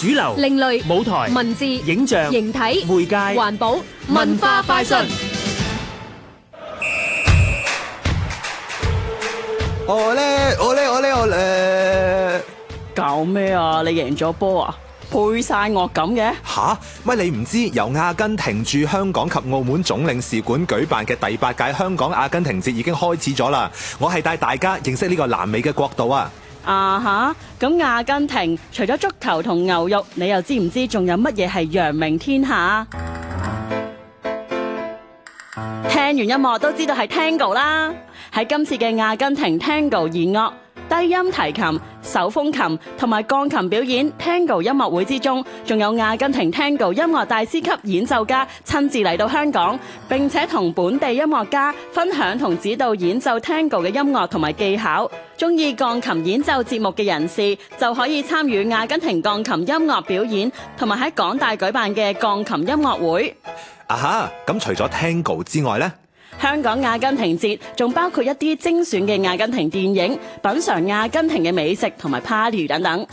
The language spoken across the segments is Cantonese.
主流、另類舞台、文字、影像、形體、媒介、環保、文化快訊。我咧，我咧，我咧，我誒，搞咩啊？你贏咗波啊？配曬惡咁嘅？吓？乜你唔知由阿根廷駐香港及澳門總領事館舉辦嘅第八屆香港阿根廷節已經開始咗啦？我係帶大家認識呢個南美嘅國度啊！啊哈！咁阿根廷除咗足球同牛肉，你又知唔知仲有乜嘢係揚名天下？聽完音樂都知道係 Tango 啦，喺今次嘅阿根廷 Tango 演樂、低音提琴、手風琴同埋鋼琴表演 Tango 音樂會之中，仲有阿根廷 Tango 音樂大師級演奏家，親自嚟到香港，並且同本地音樂家分享同指導演奏 Tango 嘅音樂同埋技巧。中意鋼琴演奏節目嘅人士就可以參與阿根廷鋼琴音樂表演，同埋喺港大舉辦嘅鋼琴音樂會。啊，咁除咗聽 o 之外呢，香港阿根廷節仲包括一啲精選嘅阿根廷電影、品嘗阿根廷嘅美食同埋 party 等等。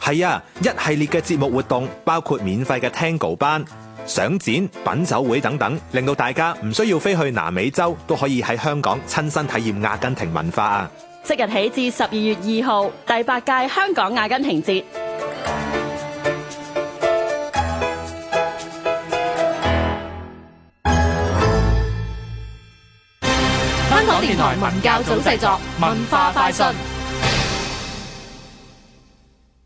係啊，一系列嘅節目活動包括免費嘅聽 o 班、賞展、品酒會等等，令到大家唔需要飛去南美洲，都可以喺香港親身體驗阿根廷文化啊！即日起至十二月二號，第八屆香港阿根廷節。香港電台文教組製作，作《文化快訊》。